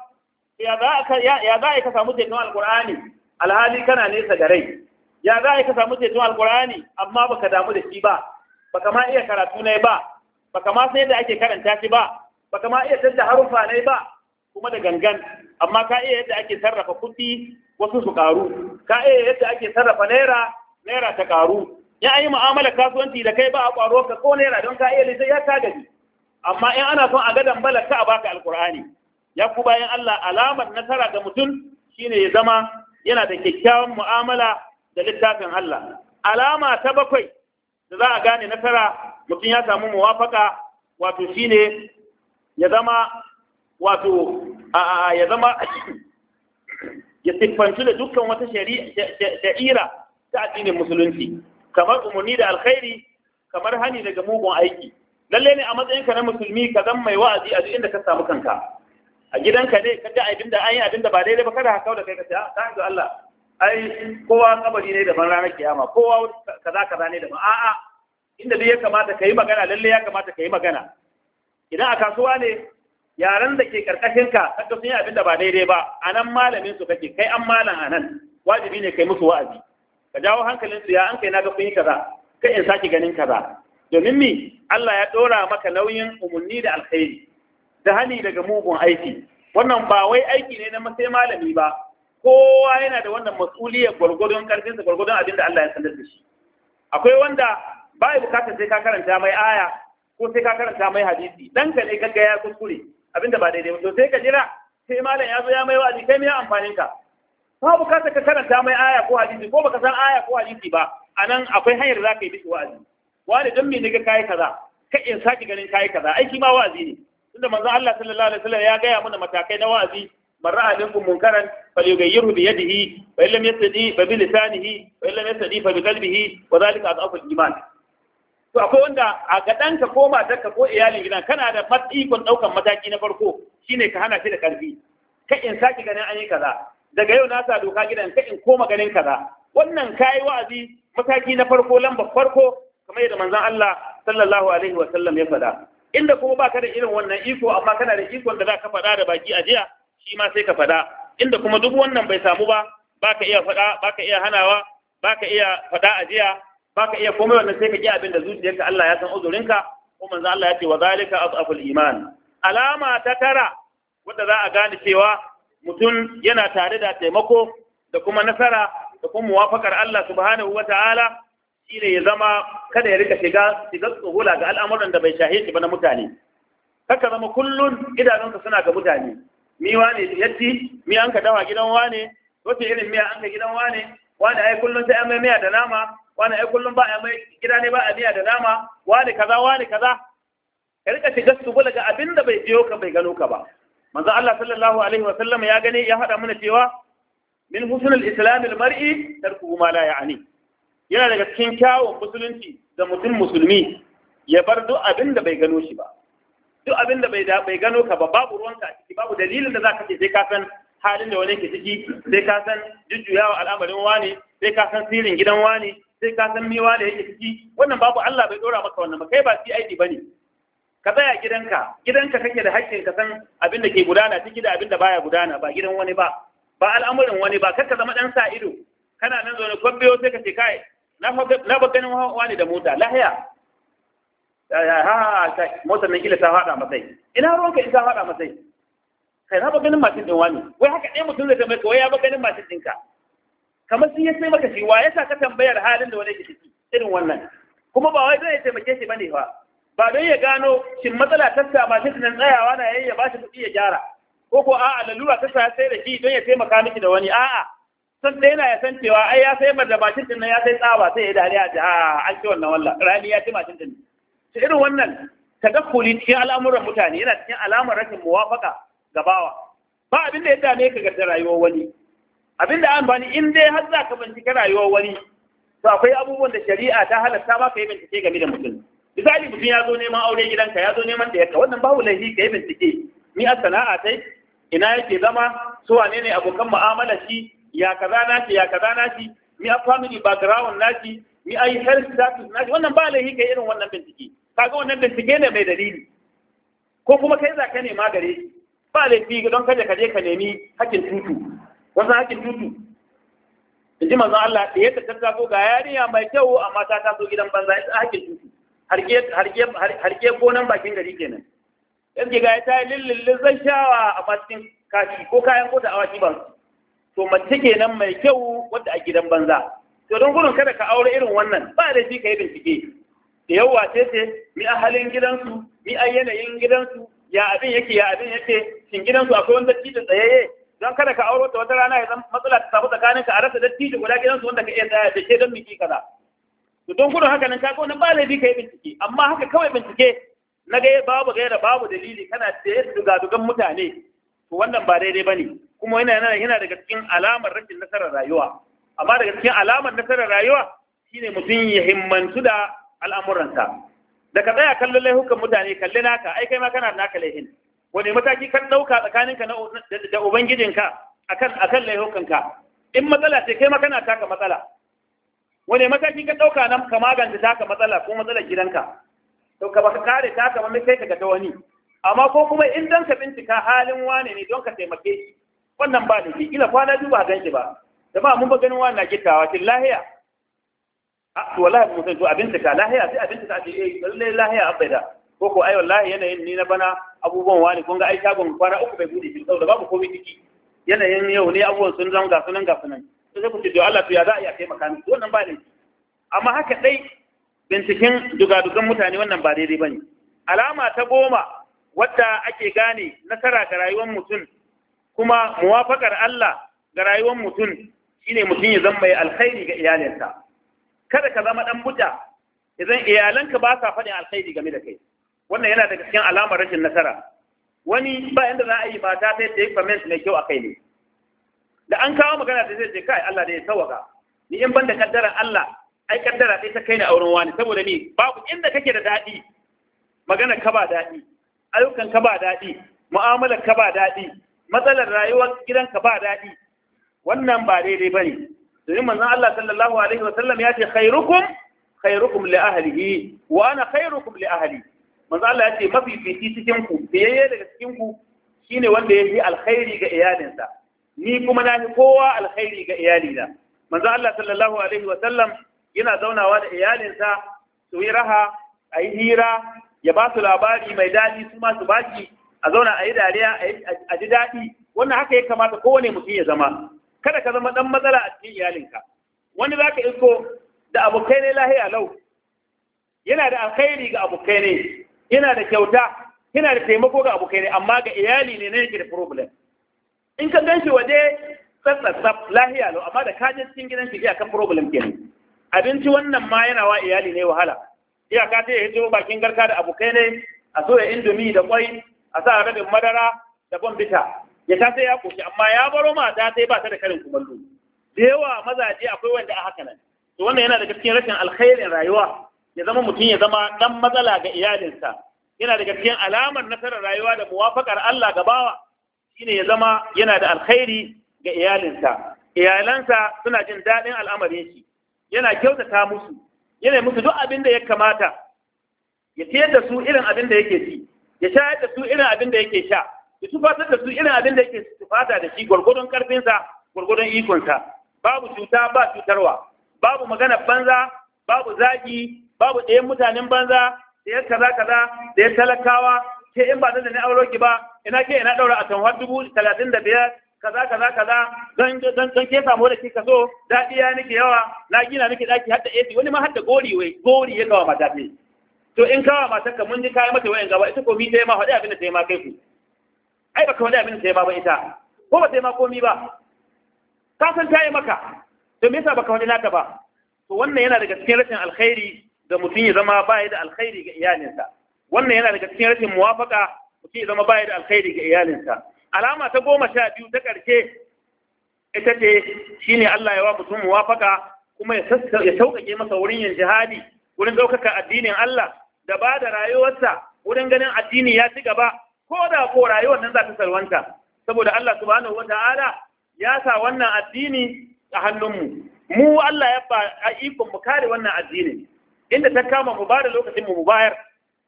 ya za ka ya za ka samu ceton alkur'ani alhali kana nesa da rai ya za a yi ka samu ceton alkur'ani amma baka damu da shi ba baka ma iya karatu na ba baka ma sai da ake karanta shi ba baka ma iya tadda harufa na ba kuma da gangan amma ka iya yadda ake sarrafa kuɗi wasu su karu ka iya yadda ake sarrafa naira naira ta karu ya yi mu'amala kasuwanci da kai ba a kwaro ka ko naira don ka iya lita ya ka gaji amma in ana son a ga dambala ka a baka alkur'ani ya ku bayan Allah alamar nasara ga mutum shine ya zama yana da kyakkyawan mu'amala da littafin Allah alama ta bakwai da za a gane nasara mutum ya samu muwafaka wato shine ya zama wato ya zama ya siffanci da dukkan wata shari'a ta addinin musulunci kamar umarni da alkhairi kamar hani daga mugun aiki lalle ne a matsayinka na musulmi ka zama mai wa'azi a duk inda ka samu kanka a gidanka ne ka ji abin da an yi abin da ba daidai ba kada haka da kai ka ce ah, ta hanzu Allah ai kowa kabari ne daban ranar kiyama kowa kaza kaza ne daban a'a inda duk ya kamata ka yi magana lalle ya kamata ka yi magana idan a kasuwa ne yaran da ke karkashin ka kaga sun yi abin da ba daidai ba a malamin su kake kai an malam anan wajibi ne kai musu wa'azi ka jawo hankalin su ya an kai naga kun yi kaza kai in saki ganin kaza domin mi Allah ya dora maka nauyin umarni da alkhairi da hani daga mugun aiki wannan ba wai aiki ne na sai malami ba kowa yana da wannan mas'uliyar gwargwadon karfinsa gwargwadon abin da Allah ya sanar da shi akwai wanda ba ya bukatar sai ka karanta mai aya ko sai ka karanta mai hadisi dan ka ne kaga ya kuskure abin da ba daidai ba to sai ka jira sai malam ya zo ya mai wa'azi kai me amfanin ka ba bukatar ka karanta mai aya ko hadisi ko baka san aya ko hadisi ba anan akwai hanyar za ka yi bishi wa'azi wani don me ne ga kai kaza kai in saki ganin kai kaza aiki ma wa'azi ne tunda manzo Allah sallallahu alaihi wasallam ya gaya mana matakai na wa'azi man ra'a minkum munkaran falyughayyirhu bi yadihi wa illam yastati fa bi lisanihi wa illam yastati fa bi qalbihi wa dhalika adhafu al-iman to akwai wanda a gadan ka ko matarka ko iyalin gidan kana da ikon daukan mataki na farko shine ka hana shi da karfi ka in saki ganin an yi kaza daga yau na sa doka gidan ka in koma ganin kaza wannan kai wa'azi mataki na farko lamba farko kamar yadda manzon Allah sallallahu alaihi ya faɗa inda kuma baka da irin wannan iko amma kana da ikon da za ka faɗa da baki a jiya shi ma sai ka faɗa inda kuma duk wannan bai samu ba baka iya faɗa baka iya hanawa baka iya faɗa a jiya baka iya komai wannan sai ka ki abin da zuciyarka Allah ya san uzurinka ko manzo Allah ya ce wa zalika azaful iman alama ta tara wanda za a gane cewa mutum yana tare da taimako da kuma nasara da kuma muwafakar Allah subhanahu wa ta'ala shine ya zama kada ya rika shiga shiga tsohula ga al'amuran da bai shahe shi ba na mutane kaka zama kullun idanunka suna ga mutane mi wane yatti mi an ka dawa gidan wane wace irin miya an ka gidan wane wane ai kullun sai an mai miya da nama wane ai kullun ba a mai gida ne ba a miya da nama wane kaza wane kaza ka rika shiga tsohula ga abin da bai biyo ka bai gano ka ba manzo Allah sallallahu alaihi wa sallam ya gani, ya hada mana cewa min husnul islamil mar'i tarkuhu ma la ya'ni yana daga cikin kyawun musulunci da mutum musulmi ya bar duk abin da bai gano shi ba duk abin da bai gano ka ba babu ruwanka a ciki babu dalilin da za ka ce sai ka san halin da wani ke ciki sai ka san jujjuyawa al'amarin wani sai ka san sirrin gidan wani sai ka san miwa da yake ciki wannan babu Allah bai dora maka wannan ba kai ba CID bane ka tsaya gidanka gidanka kake da haƙƙin ka san abin da ke gudana ciki da abin da baya gudana ba gidan wani ba ba al'amarin wani ba kar ka zama dan sa ido kana nan zaune biyo sai ka ce kai na ba ganin wani da mota lahiya ha ha, motar nan kila ta hada masai ina ruwan ka ita hada masai kai na ba ganin mashin din wani wai haka ɗaya mutum zai tambaye ka wai ya ba ganin mashin ɗinka kamar sun ya sai maka shi wa ya sa ka tambayar halin da wani ke ciki irin wannan kuma ba wai zai taimake shi bane fa ba don ya gano shin matsala ta sa ba shi nan tsayawa na yayi ya ba shi kuɗi ya gyara ko ko a'a lalura ta sa sai da shi don ya taimaka miki da wani a'a san ɗaya na ya san cewa ai ya sai da mashin din nan ya sai tsaba sai ya dariya ji a ah, an ci wannan wallah rani ya ci mashin din shi irin wannan tadakkuli cikin al'amuran mutane yana cikin alamar rashin muwafaka ga bawa ba abin da ya dame ka ga rayuwar wani abin da an bani in dai har za ka bincike rayuwar wani to akwai abubuwan da shari'a ta halatta ma ka yi bincike game da mutum misali mutum ya zo neman aure gidanka ya zo neman da yaka wannan babu laifi ka yi bincike ni a sana'a tai ina yake zama su wane ne abokan mu'amala shi ya kaza nashi ya kaza nashi mi a family background nashi mi a health status nashi wannan ba laifi kai irin wannan bincike kaga wannan bincike ne mai dalili ko kuma kai za ka nema gare shi ba laifi don kada ka je ka nemi hakin tutu wasu hakin tutu in ji manzon Allah da yadda ta taso ga yariya mai kyau amma ta taso gidan banza a hakin tutu harke gonan bakin gari kenan yanzu ga ya ta yi lillin zai shawa a cikin kashi ko kayan kota awaki ba su to mace kenan mai kyau wadda a gidan banza to don gudun kada ka aure irin wannan ba da shi ka yi bincike da yawa ce ce mi a halin gidansu mi a yanayin gidansu ya abin yake ya abin yake shin gidansu akwai wani da tsayayye don kada ka aure wata rana ya zama matsala ta samu tsakanin ka a rasa da guda gidansu wanda ka iya tsaya da ke don miki kaza to don gudun haka nan kaga wannan ba shi ka yi bincike amma haka kawai bincike na ga babu gaira babu dalili kana da dugadugan mutane to wannan ba daidai ba ne. kuma yana yana daga cikin alamar rashin nasarar rayuwa amma daga cikin alamar nasarar rayuwa shine mutum ya himmantu da al'amuransa da ka tsaya kallon laihukan mutane kalli naka ai kai ma kana naka laihin wani mataki kan dauka tsakaninka da ubangijinka akan akan laihukanka in matsala ce kai ma kana taka matsala wani mataki kan dauka nan ka magance taka matsala ko matsalar gidanka to ka baka kare taka ba mai kai ka ga ta wani amma ko kuma in dan ka bincika halin wane ne don ka taimake shi wannan ba da shi ila kwana biyu ba gan ba da ba mun ba ganin wannan gittawa shi lahiya a to wallahi mun san to abin ta lahiya sai abin ta ce eh lalle lahiya abada ko ko ai wallahi yanayin ni na bana abubuwan wani kun ga ai shagon kwana uku bai bude shi da babu komai ciki yanayin yau ne abubuwan sun zama ga sunan ga sunan to sai ku ce to Allah to ya za a iya taimaka miki wannan ba da amma haka dai binciken dugadugan mutane wannan ba daidai bane alama ta goma wadda ake gane nasara ga rayuwar mutum kuma muwafakar Allah ga rayuwar mutum shine mutum ya zama mai alkhairi ga iyalinsa kada ka zama dan buta idan iyalanka ba sa faɗin alkhairi game da kai wannan yana daga cikin alamar rashin nasara wani ba yanda za a yi mata ta yi comment mai kyau a kai ne da an kawo magana ta zai ce kai Allah da ya sawaka ni in banda kaddara Allah ai kaddara sai ta kai ni auren wani saboda ni babu inda kake da daɗi magana ka ba daɗi ayyukan ka ba daɗi mu'amalar ka ba daɗi matsalar rayuwar gidanka ba daɗi wannan ba daidai ba ne. domin manzon Allah sallallahu alaihi wa sallam ya ce khairukum khairukum li ahlihi wa ana khairukum li ahli manzon Allah ya ce mafi fici cikin ku fiyayye daga cikin ku shine wanda ya yi alkhairi ga iyalinsa ni kuma na fi kowa alkhairi ga iyalina manzon Allah sallallahu alaihi wa sallam yana zaunawa da iyalinsa su yi raha a yi hira ya ba su labari mai daɗi su ma su baki a zauna a yi dariya a ji daɗi wannan haka ya kamata kowane mutum ya zama kada ka zama ɗan matsala a cikin iyalinka wani za ka iso da abokai ne lahiya lau yana da alkhairi ga abokai ne yana da kyauta yana da taimako ga abokai ne amma ga iyali ne na yake da problem in ka gan shi waje tsatsatsaf lahiya lau amma da kajin cikin gidan shi iyakan problem kenan abinci wannan ma yana wa iyali ne wahala iyaka ta yi hito bakin garka da abokai ne a soya indomi da kwai a sa rabin madara da bita ya ta sai ya koshi amma ya baro mata sai ba ta da karin kumallo da yawa mazaje akwai wanda a haka nan to wannan yana daga cikin rashin alkhairin rayuwa ya zama mutum ya zama dan matsala ga iyalinsa yana daga cikin alamar nasarar rayuwa da muwafakar Allah ga bawa shine ya zama yana da alkhairi ga iyalinsa iyalansa suna jin daɗin al'amarin shi yana kyautata musu yana musu duk abin da ya kamata ya tiyar da su irin abin da yake ci ya shayar da su irin abin da yake sha ya tufatar da su irin abin da yake tufata da shi gwargwadon karfinsa gwargwadon ikonsa babu cuta ba cutarwa babu magana banza babu zagi babu ɗayan mutanen banza ya kaza kaza ya talakawa ke in ba da ni auro ki ba ina ke ina ɗaura a tanwar dubu talatin da biyar kaza kaza kaza don don don ke samu da kika so daɗi ya nake yawa na gina nake ɗaki har da AC wani ma hadda gori wai gori ya kawo mata to in kawa matarka mun ji kayan mata wayan gaba ita komi ta yi ma faɗi abin da ta yi ma kai ku ai baka faɗi abin da ta yi ma ba ita ko ba ta yi ma komi ba ka san ta yi maka to me yasa baka faɗi naka ba to wannan yana daga cikin rashin alkhairi ga mutum ya zama baya da alkhairi ga iyalinsa wannan yana daga cikin rashin muwafaka mutum ya zama baya da alkhairi ga iyalinsa alama ta goma sha biyu ta ƙarshe ita ce shine Allah ya wa mutum muwafaka kuma ya sauƙaƙe masa wurin yin jihadi wurin ɗaukaka addinin Allah da ba da rayuwarsa wurin ganin addini ya ci gaba ko da ko rayuwar nan za ta salwanta saboda Allah subhanahu wata'ala ya sa wannan addini a hannunmu mu Allah ya ba a ikon mu kare wannan addini inda ta kama mu ba da lokacin mu bayar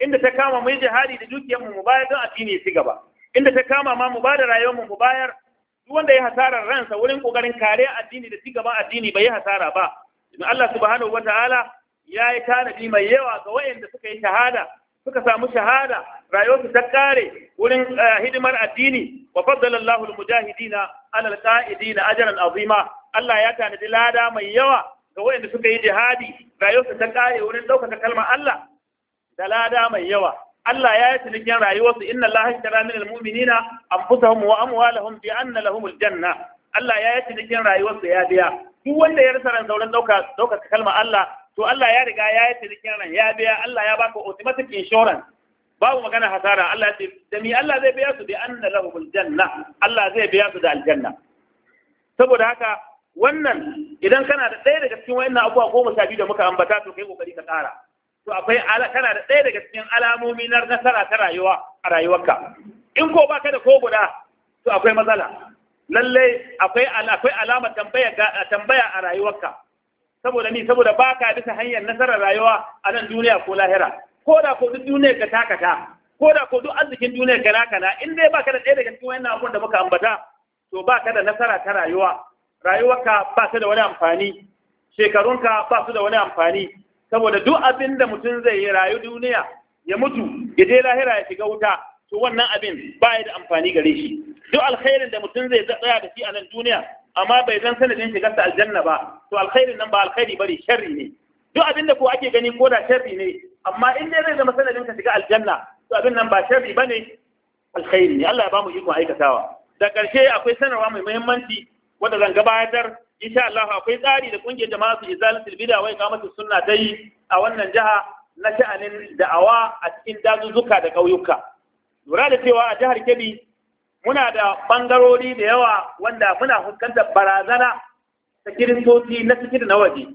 inda ta kama mu yi jihadi da dukiyar mu bayar don addini ya ci gaba inda ta kama ma mu ba da rayuwar mu bayar duk wanda ya hasarar ransa wurin kokarin kare addini da ci gaba addini bai yi hasara ba Allah subhanahu wata'ala ya yi tanadi mai yawa ga wayanda suka yi shahada suka samu shahada rayuwarsu ta kare wurin eh, hidimar addini wa faddala Allahu al-mujahidina ala al-qa'idina ajran azima Allah ya tanadi lada mai yawa ga wayanda suka yi jihadi rayuwarsu ta kare wurin ɗaukaka kalmar Allah da lada mai yawa Allah ya yi cinikin rayuwarsu inna Allah ishtara min al-mu'minina anfusahum wa amwalahum bi anna lahum al-janna Allah ya yi cinikin rayuwarsu ya biya duk wanda ya rasa ran sauran ɗaukaka kalmar Allah to Allah ya riga ya yi cinikin ran ya biya Allah ya baka automatic insurance babu magana hasara Allah ce da mi Allah zai biya su bi anna lahumul janna Allah zai biya su da aljanna saboda haka wannan idan kana da ɗaya daga cikin wayannan abubuwa goma sha biyu da muka ambata to kai kokari ka tsara to akwai kana da ɗaya daga cikin alamomi na nasara ta rayuwa a rayuwarka in ko baka da ko guda to akwai matsala lallai akwai akwai alamar tambaya tambaya a rayuwarka saboda ni saboda baka bisa hanyar nasarar rayuwa a nan duniya ko lahira ko da ko duk duniyar ka takata ko da ko duk arzikin duniyar ka naka na in dai baka da ɗaya daga cikin wannan abun da muka ambata to baka da nasara ta rayuwa rayuwarka ba ta da wani amfani shekarunka ba su da wani amfani saboda duk abin da mutum zai yi rayu duniya ya mutu ya je lahira ya shiga wuta to wannan abin ba ya da amfani gare shi duk alkhairin da mutum zai tsaya da shi a nan duniya amma bai dan sanadin shigarsa aljanna ba to alkhairin nan ba alkhairi bane sharri ne duk abin da ko ake gani ko da sharri ne amma in dai zai zama sanadin ka shiga aljanna to abin nan ba sharri bane alkhairi ne Allah ya bamu ikon aikatawa da karshe akwai sanarwa mai muhimmanci wanda zan gabatar insha Allah akwai tsari da kungiyar jama'a su izalatul bid'a wai kamatu sunna dai a wannan jiha na sha'anin da'awa a cikin dazuzzuka da ƙauyuka lura da cewa a jihar Kebbi muna da ɓangarori da yawa wanda muna fuskantar barazana ta kiristoci na cikin na waje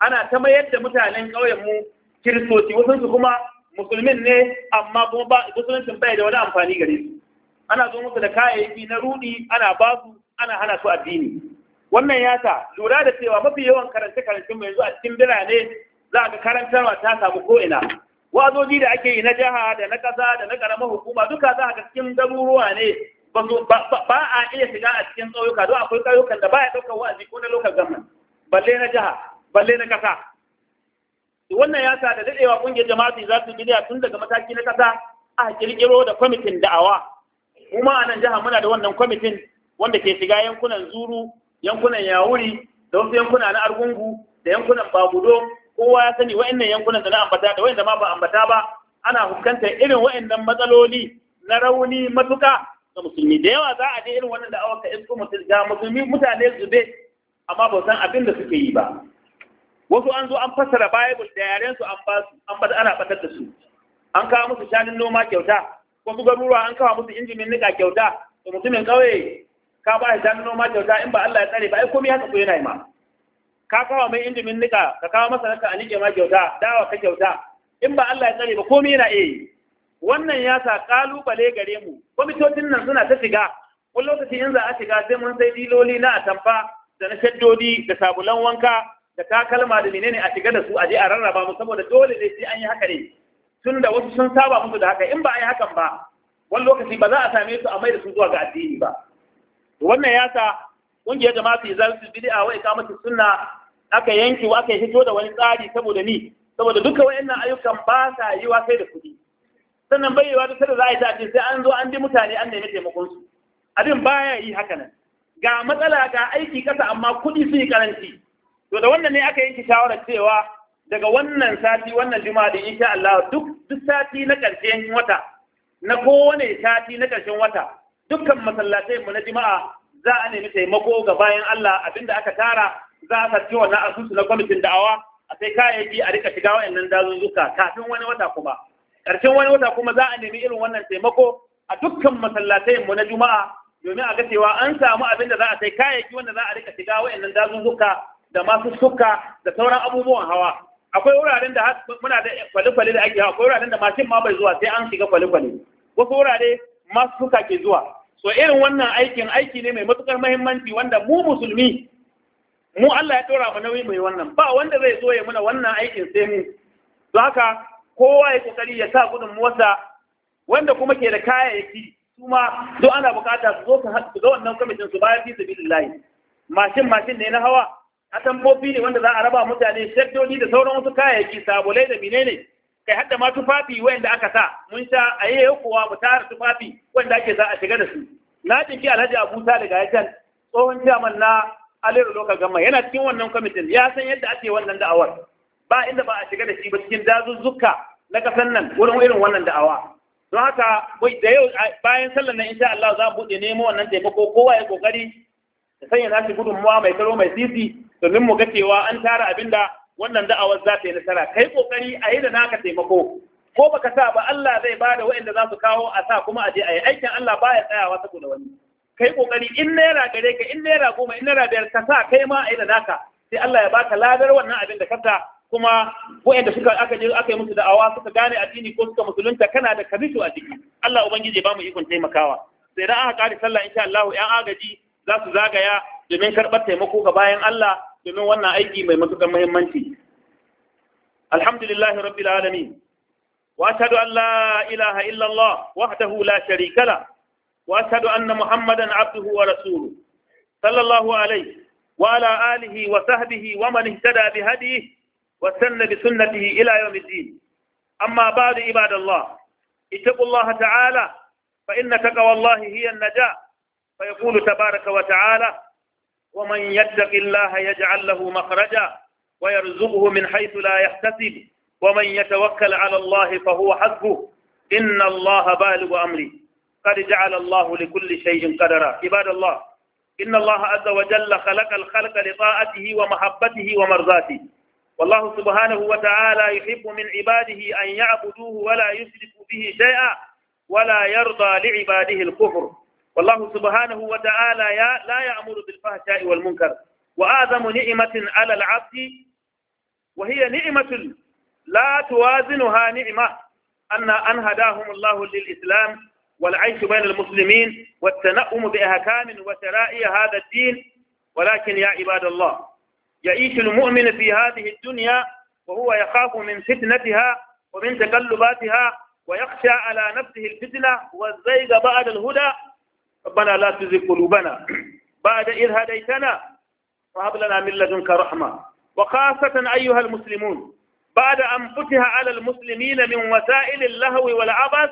ana ta mayar da mutanen ƙauyenmu kiristoci wasansu kuma musulmin ne amma kuma ba musuluncin bai da wani amfani gare su ana zo musu da kayayyaki na rudi ana ba su ana hana su addini wannan ya sa lura da cewa mafi yawan karance karancen mai zuwa cikin birane za ga karantarwa ta samu ina wazoji da ake yi na jiha da na ƙasa da na ƙaramar hukuma duka za ga cikin garuruwa ne ba a iya shiga a cikin tsauyuka don akwai ƙauyukan da ba ya ɗaukar wa'azi ko na lokacin government balle na jiha balle na ƙasa wannan ya sa da daɗewa ƙungiyar jama'a za su gidiya tun daga mataki na ƙasa a kirkiro da kwamitin da'awa kuma a nan jiha muna da wannan kwamitin wanda ke shiga yankunan zuru yankunan yawuri da wasu yankuna na argungu da yankunan bagudo kowa ya sani wa'annan yankunan da na ambata da wa'anda ma ba ambata ba ana fuskantar irin wa'annan matsaloli na rauni matuka ta musulmi da yawa za a je irin wannan da awaka isko kuma ga musulmi mutane zube amma ba san abin da suke yi ba wasu an zo an fassara bible da yaren su an basu an bada ana batar da su an kawo musu shanin noma kyauta wasu garuruwa an kawo musu injimin nika kyauta da mutumin kauye ka ba shi shanin noma kyauta in ba Allah ya tsare ba ai komai haka ko yana yi ma ka kawo mai injimin nika ka kawo masa naka a nike ma kyauta dawa ka kyauta in ba Allah ya tsare ba komai yana iya yi wannan ya sa kalubale gare mu kwamitocin nan suna ta shiga wani lokaci in za a shiga sai mun sai diloli na atamfa da na shaddodi da sabulan wanka da takalma da menene a shiga da su a je a rarraba mu saboda dole ne sai an yi haka ne tun da wasu sun saba musu da haka in ba a yi hakan ba wani lokaci ba za a same su a mai da su zuwa ga addini ba wannan ya sa kungiyar jama'a su za su bid'a wa ikamatu sunna aka yanki wa aka hito da wani tsari saboda ni saboda duka wayannan ayyukan ba sa yiwa sai da kuɗi sannan bai yiwa da za a yi ta sai an zo an bi mutane an nemi taimakon su abin baya yi haka nan ga matsala ga aiki kasa amma kuɗi su yi karanci to da wannan ne aka yanke shawarar cewa daga wannan sati wannan jima'a da insha Allah duk duk sati na ƙarshen wata na kowane sati na ƙarshen wata dukkan masallatai mu na jima'a za a nemi taimako ga bayan Allah abinda aka tara za a sarki wannan asusu na kwamitin da'awa a sai kayayyaki a rika shiga wa'annan dazuzzuka kafin wani wata kuma ƙarshen wani wata kuma za a nemi irin wannan taimako a dukkan masallatai mu na juma'a domin a ga cewa an samu abin da za a sai kayayyaki wanda za a rika shiga wa'annan dazuzzuka da masu suka da sauran abubuwan hawa akwai wuraren da muna da kwale-kwale da ake hawa akwai wuraren da mashin ma bai zuwa sai an shiga kwale-kwale wasu wurare masu suka ke zuwa so irin wannan aikin aiki ne mai matukar mahimmanci wanda mu musulmi mu Allah ya dora mu nauyi mai wannan ba wanda zai zo ya muna wannan aikin sai mu don haka kowa ya kokari ya sa gudun motsa wanda kuma ke da kayayyaki kuma duk ana bukata su zo su haɗu ga wannan kwamitin su bayar fi lillahi mashin mashin ne na hawa atambofi ne wanda za a raba mutane shaddodi da sauran wasu kayayyaki sabulai da menene kai hadda ma tufafi wanda aka sa mun sha a yi kuwa mu tara tufafi wanda ake za a shiga da su na jinki alhaji abu ta ga yakan tsohon jaman na aliru lokal gama yana cikin wannan kwamitin ya san yadda ake wannan da'awar ba inda ba a shiga da shi ba cikin dazuzzuka na kasan nan wurin irin wannan da'awa don haka da yau bayan sallar nan insha Allah za mu buɗe nemo wannan taimako kowa ya kokari da sanya nashi gudunmuwa mai karo mai sisi domin mu ga cewa an tara abinda wannan da'awar za ta yi nasara kai kokari a yi da naka taimako ko baka sa ba Allah zai ba da za su kawo a sa kuma a je a yi aikin Allah baya tsayawa saboda wani kai kokari in naira gare ka in naira goma in naira biyar ka sa kai ma a yi da naka sai Allah ya baka ladar wannan abin da ka kuma wayanda suka aka je aka yi musu da'awa suka gane addini ko suka musulunta kana da kabitu a jiki. Allah ubangiji ba mu ikon taimakawa sai da aka kare sallah insha Allah yan agaji za su zagaya domin karɓar taimako ga bayan Allah domin wannan aiki mai matukar muhimmanci Alhamdulillahi rabbil alamin wa ashhadu an la ilaha illa Allah wahdahu la sharika la wa ashhadu anna muhammadan abduhu wa rasuluhu sallallahu alaihi wa ala alihi wa sahbihi wa man ihtada bi hadihi واستنى بسنته إلى يوم الدين أما بعد عباد الله اتقوا الله تعالى فإن تقوى الله هي النجاة فيقول تبارك وتعالى ومن يتق الله يجعل له مخرجا ويرزقه من حيث لا يحتسب ومن يتوكل على الله فهو حسبه إن الله بالغ أمري قد جعل الله لكل شيء قدرا عباد الله إن الله عز وجل خلق الخلق لطاعته ومحبته ومرضاته والله سبحانه وتعالى يحب من عباده أن يعبدوه ولا يشركوا به شيئا ولا يرضى لعباده الكفر والله سبحانه وتعالى لا يأمر بالفحشاء والمنكر وأعظم نعمة على العبد وهي نعمة لا توازنها نعمة أن أن هداهم الله للإسلام والعيش بين المسلمين والتنأم بأحكام وشرائع هذا الدين ولكن يا عباد الله يعيش المؤمن في هذه الدنيا وهو يخاف من فتنتها ومن تقلباتها ويخشى على نفسه الفتنة والزيغ بعد الهدى ربنا لا تزغ قلوبنا بعد إذ هديتنا وهب لنا من لدنك رحمة وخاصة أيها المسلمون بعد أن فتح على المسلمين من وسائل اللهو والعبث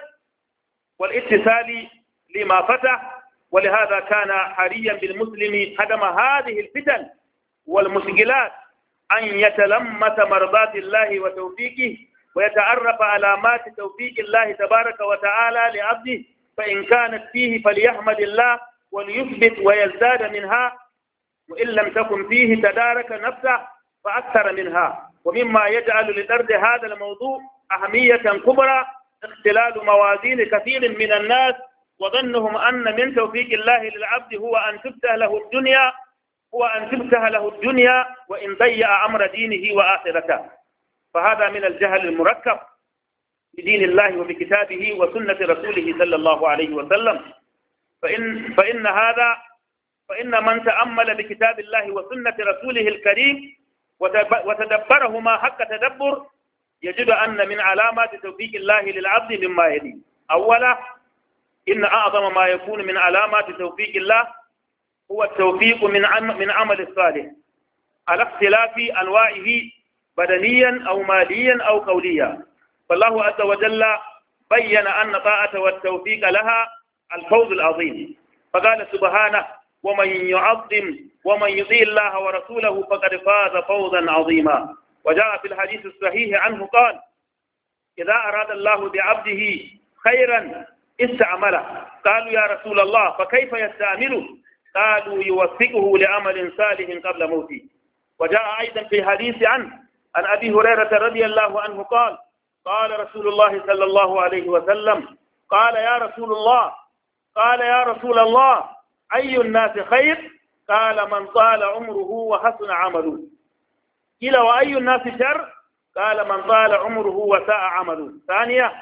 والاتصال لما فتح ولهذا كان حريا بالمسلم هدم هذه الفتن والمشكلات أن يتلمس مرضات الله وتوفيقه ويتعرف علامات توفيق الله تبارك وتعالى لعبده فإن كانت فيه فليحمد الله وليثبت ويزداد منها وإن لم تكن فيه تدارك نفسه فأكثر منها ومما يجعل للأرض هذا الموضوع أهمية كبرى اختلال موازين كثير من الناس وظنهم أن من توفيق الله للعبد هو أن تفتح له الدنيا وأن تنتهى له الدنيا وإن ضيع أمر دينه وآخرته فهذا من الجهل المركب بدين الله وبكتابه وسنة رسوله صلى الله عليه وسلم فإن, فإن هذا فإن من تأمل بكتاب الله وسنة رسوله الكريم وتدبرهما حق تدبر يجد أن من علامات توفيق الله للعبد مما يلي أولا إن أعظم ما يكون من علامات توفيق الله هو التوفيق من عم من عمل الصالح على اختلاف أنواعه بدنيا أو ماليا أو قوليا فالله عز وجل بين أن طاعة والتوفيق لها الفوز العظيم فقال سبحانه ومن يعظم ومن يطيع الله ورسوله فقد فاز فوزا عظيما وجاء في الحديث الصحيح عنه قال إذا أراد الله بعبده خيرا استعمله قالوا يا رسول الله فكيف يستعمله قالوا يوفقه لعمل صالح قبل موته وجاء أيضا في حديث عنه عن أبي هريرة رضي الله عنه قال قال رسول الله صلى الله عليه وسلم قال يا رسول الله قال يا رسول الله أي الناس خير قال من طال عمره وحسن عمله قيل وأي الناس شر قال من طال عمره وساء عمله ثانية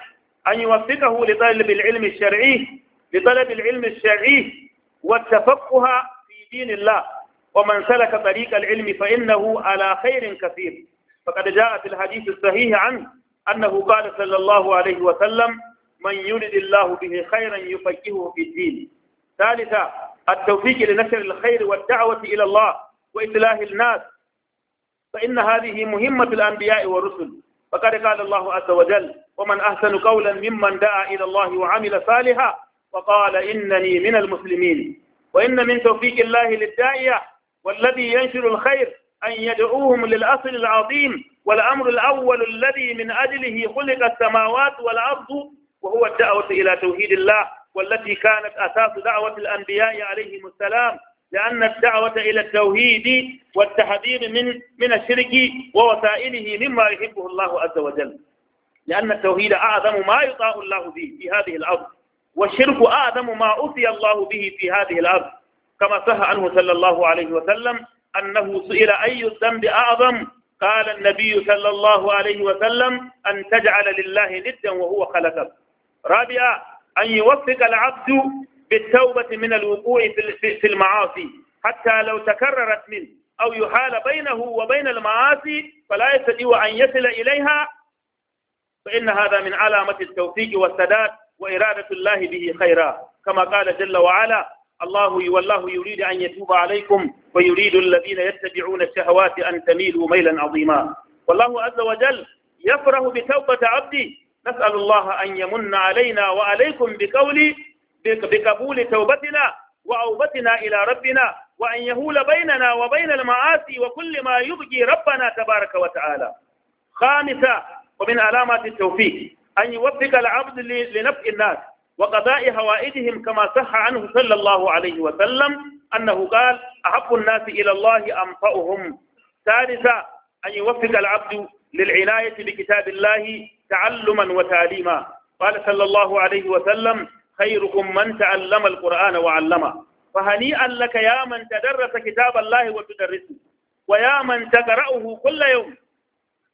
أن يوفقه لطلب العلم الشرعي لطلب العلم الشرعي والتفقه في دين الله ومن سلك طريق العلم فإنه على خير كثير فقد جاء في الحديث الصحيح عنه أنه قال صلى الله عليه وسلم من يرد الله به خيرا يفقهه في الدين ثالثا التوفيق لنشر الخير والدعوة إلى الله وإصلاح الناس فإن هذه مهمة الأنبياء والرسل فقد قال الله عز وجل ومن أحسن قولا ممن دعا إلى الله وعمل صالحا فقال إنني من المسلمين وإن من توفيق الله للداعية والذي ينشر الخير أن يدعوهم للأصل العظيم والأمر الأول الذي من أجله خلق السماوات والأرض وهو الدعوة إلى توحيد الله والتي كانت أساس دعوة الأنبياء عليهم السلام لأن الدعوة إلى التوحيد والتحذير من من الشرك ووسائله مما يحبه الله عز وجل لأن التوحيد أعظم ما يطاع الله به في هذه الأرض والشرك أعظم ما أوصي الله به في هذه الأرض كما صح عنه صلى الله عليه وسلم أنه سئل أي الذنب أعظم قال النبي صلى الله عليه وسلم أن تجعل لله ندا وهو خلقك رابعا أن يوفق العبد بالتوبة من الوقوع في المعاصي حتى لو تكررت منه أو يحال بينه وبين المعاصي فلا يستطيع أن يصل إليها فإن هذا من علامة التوفيق والسداد وإرادة الله به خيرا كما قال جل وعلا الله والله يريد أن يتوب عليكم ويريد الذين يتبعون الشهوات أن تميلوا ميلا عظيما والله عز وجل يفرح بتوبة عبدي نسأل الله أن يمن علينا وعليكم بقول بقبول توبتنا وأوبتنا إلى ربنا وأن يهول بيننا وبين المعاصي وكل ما يبغي ربنا تبارك وتعالى خامسا ومن علامات التوفيق an yi waffika al'abdu li naf'in nas wa qada'i hawa'idihim kama saha, anhu sallallahu alaihi wa sallam annahu qala ahabbu an-nasi ila Allah anfa'uhum thalitha an abdu للعناية بكتاب الله تعلما وتعليما قال صلى الله عليه وسلم خيركم من تعلم القرآن وعلمه فهنيئا لك يا من تدرس كتاب الله وتدرسه ويا من تقرأه كل يوم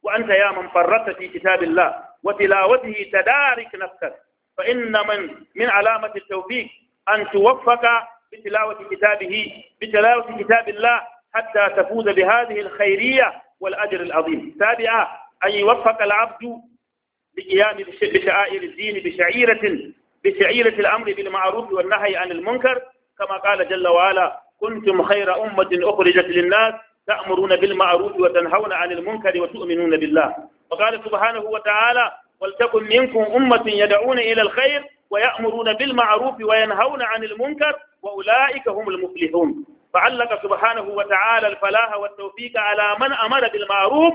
وأنت يا من فرطت في كتاب الله وتلاوته تدارك نفسك فإن من من علامة التوفيق أن توفق بتلاوة كتابه بتلاوة كتاب الله حتى تفوز بهذه الخيرية والأجر العظيم سابعا أن يوفق العبد بقيام بشعائر الدين بشعيرة بشعيرة الأمر بالمعروف والنهي عن المنكر كما قال جل وعلا كنتم خير أمة أخرجت للناس تأمرون بالمعروف وتنهون عن المنكر وتؤمنون بالله وقال سبحانه وتعالى ولتكن منكم أمة يدعون إلى الخير ويأمرون بالمعروف وينهون عن المنكر وأولئك هم المفلحون فعلق سبحانه وتعالى الفلاح والتوفيق على من أمر بالمعروف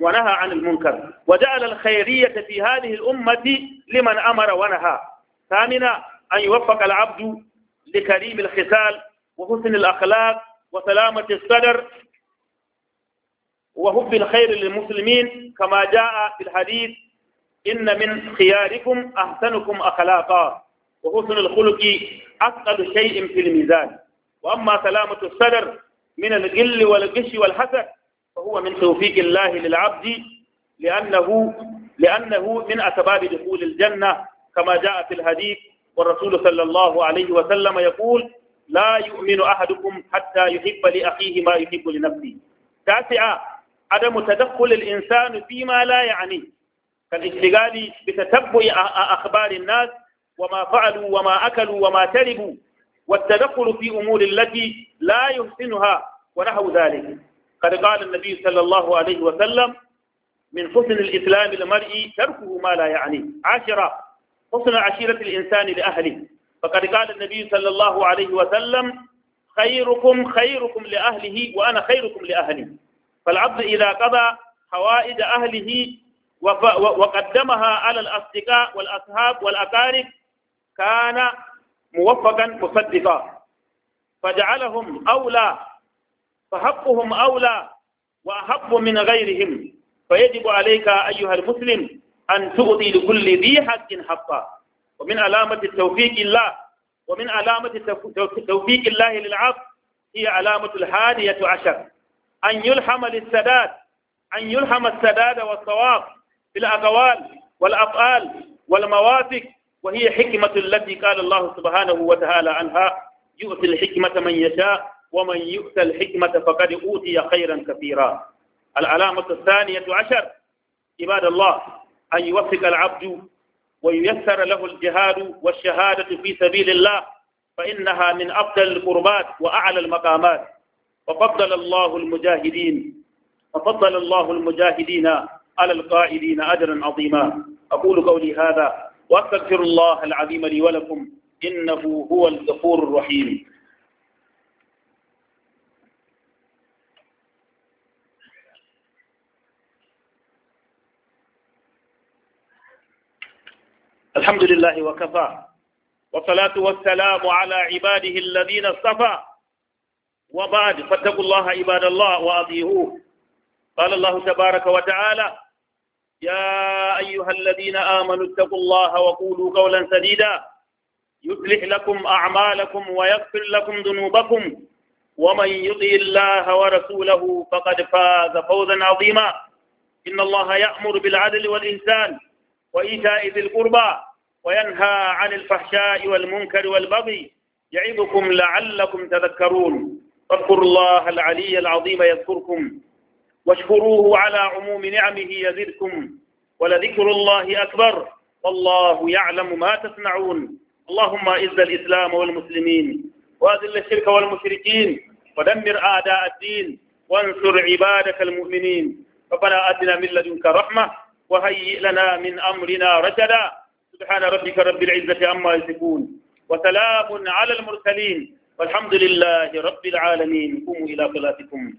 ونهى عن المنكر وجعل الخيرية في هذه الأمة لمن أمر ونهى ثامنا أن يوفق العبد لكريم الختال وحسن الأخلاق وسلامة الصدر وحب الخير للمسلمين كما جاء في الحديث إن من خياركم أحسنكم أخلاقا وحسن الخلق أثقل شيء في الميزان وأما سلامة الصدر من الغل والغش والحسد فهو من توفيق الله للعبد لأنه لأنه من أسباب دخول الجنة كما جاء في الحديث والرسول صلى الله عليه وسلم يقول لا يؤمن أحدكم حتى يحب لأخيه ما يحب لنفسه تاسعا عدم تدخل الإنسان فيما لا يعنيه كالاشتغال بتتبع أخبار الناس وما فعلوا وما أكلوا وما تركوا والتدخل في أمور التي لا يحسنها ونحو ذلك قد قال النبي صلى الله عليه وسلم من حسن الإسلام المرء تركه ما لا يعنيه عشرة حسن عشيرة الإنسان لأهله فقد قال النبي صلى الله عليه وسلم خيركم خيركم لأهله وأنا خيركم لأهلي فالعبد إذا قضى حوائج أهله وقدمها على الأصدقاء والأصحاب والأقارب كان موفقا مصدقا فجعلهم أولى فحقهم أولى وأحب من غيرهم فيجب عليك أيها المسلم أن تؤتي لكل ذي حق حقا ومن علامة توفيق الله ومن علامة توفيق الله للعبد هي علامة الحادية عشر أن يلحم للسداد أن يلحم السداد والصواب في الأقوال والأفعال والمواثق وهي حكمة التي قال الله سبحانه وتعالى عنها يؤتي الحكمة من يشاء ومن يؤتى الحكمة فقد أوتي خيرا كثيرا العلامة الثانية عشر عباد الله أن يوفق العبد وييسر له الجهاد والشهادة في سبيل الله فإنها من أفضل القربات وأعلى المقامات وفضل الله المجاهدين وفضل الله المجاهدين على القائدين أجرا عظيما أقول قولي هذا وأستغفر الله العظيم لي ولكم إنه هو الغفور الرحيم الحمد لله وكفى والصلاة والسلام على عباده الذين اصطفى وبعد فاتقوا الله عباد الله وأطيعوه قال الله تبارك وتعالى يا أيها الذين آمنوا اتقوا الله وقولوا قولا سديدا يصلح لكم أعمالكم ويغفر لكم ذنوبكم ومن يطع الله ورسوله فقد فاز فوزا عظيما إن الله يأمر بالعدل والإنسان وإيتاء ذي القربى وينهى عن الفحشاء والمنكر والبغي يعظكم لعلكم تذكرون فاذكروا الله العلي العظيم يذكركم واشكروه على عموم نعمه يزدكم ولذكر الله أكبر والله يعلم ما تصنعون اللهم إذ الإسلام والمسلمين وأذل الشرك والمشركين ودمر أعداء الدين وانصر عبادك المؤمنين ربنا آتنا من لدنك رحمة وهيئ لنا من أمرنا رشدا سبحان ربك رب العزة عما يصفون وسلام على المرسلين والحمد لله رب العالمين قوموا إلى صلاتكم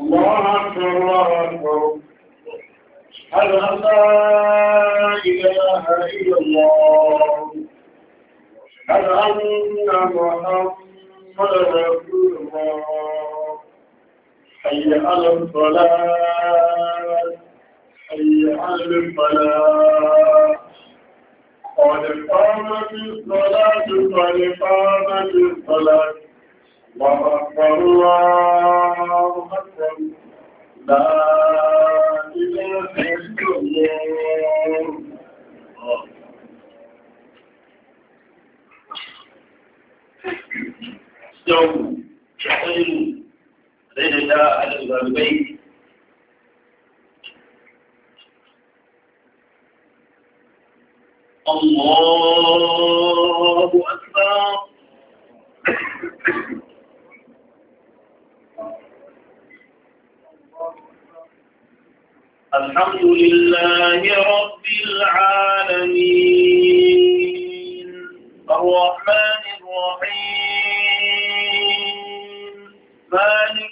الله أكبر الله أكبر أشهد أن لا إله إلا الله أشهد أن محمدا رسول الله حي على الصلاة حي على الصلاة قد قامت الصلاة قد قامت الصلاة الله الله أكبر لا إله إلا الله يوم شهيد سيدنا الإمام بيت الله أكبر الحمد لله رب العالمين الرحمن الرحيم مالك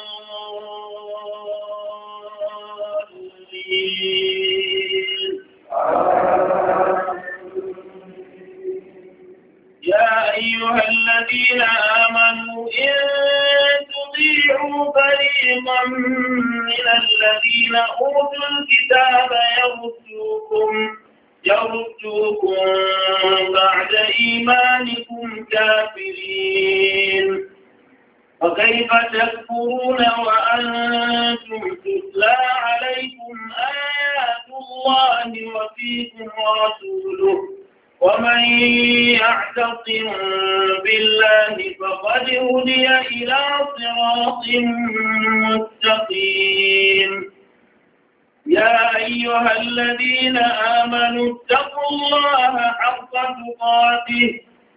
يا أيها الذين آمنوا إن تطيعوا فريقا من الذين أوتوا الكتاب يردوكم يردوكم بعد إيمانكم كافرين فكيف تكفرون وأنتم تتلى عليكم آيات الله وفيكم رسوله ومن يعتصم بالله فقد هدي إلى صراط مستقيم يا أيها الذين آمنوا اتقوا الله حق تقاته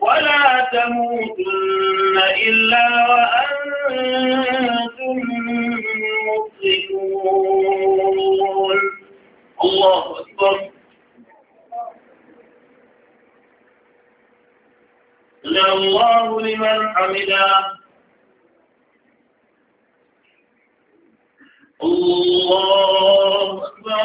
ولا تموتن إلا وأنتم مسلمون الله أكبر سمع الله لمن حمده الله أكبر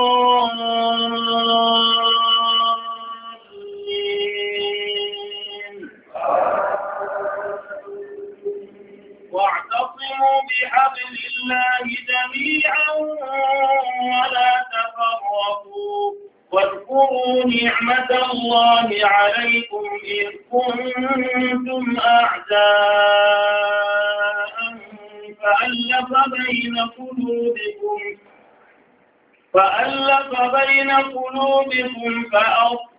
قلوبكم فأرسلوا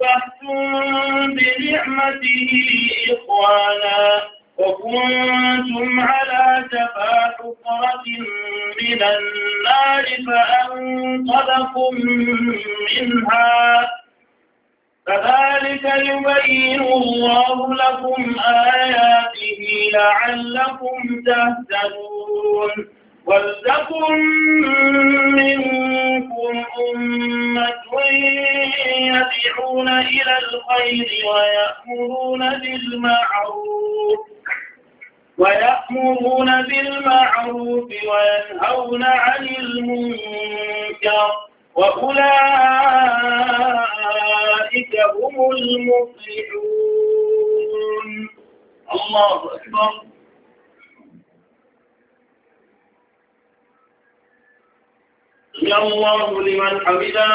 لمن حمده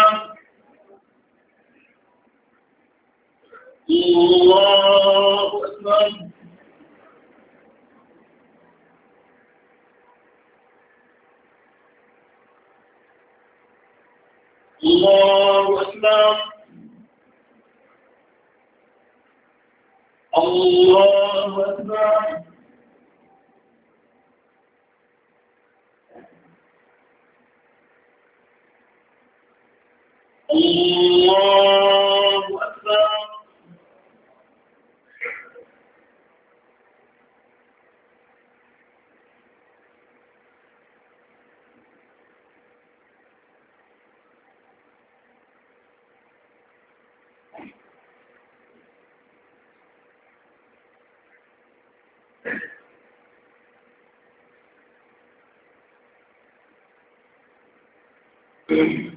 الله أكبر الله أكبر الله أكبر الله أكبر Thank you.